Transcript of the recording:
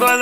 Cuando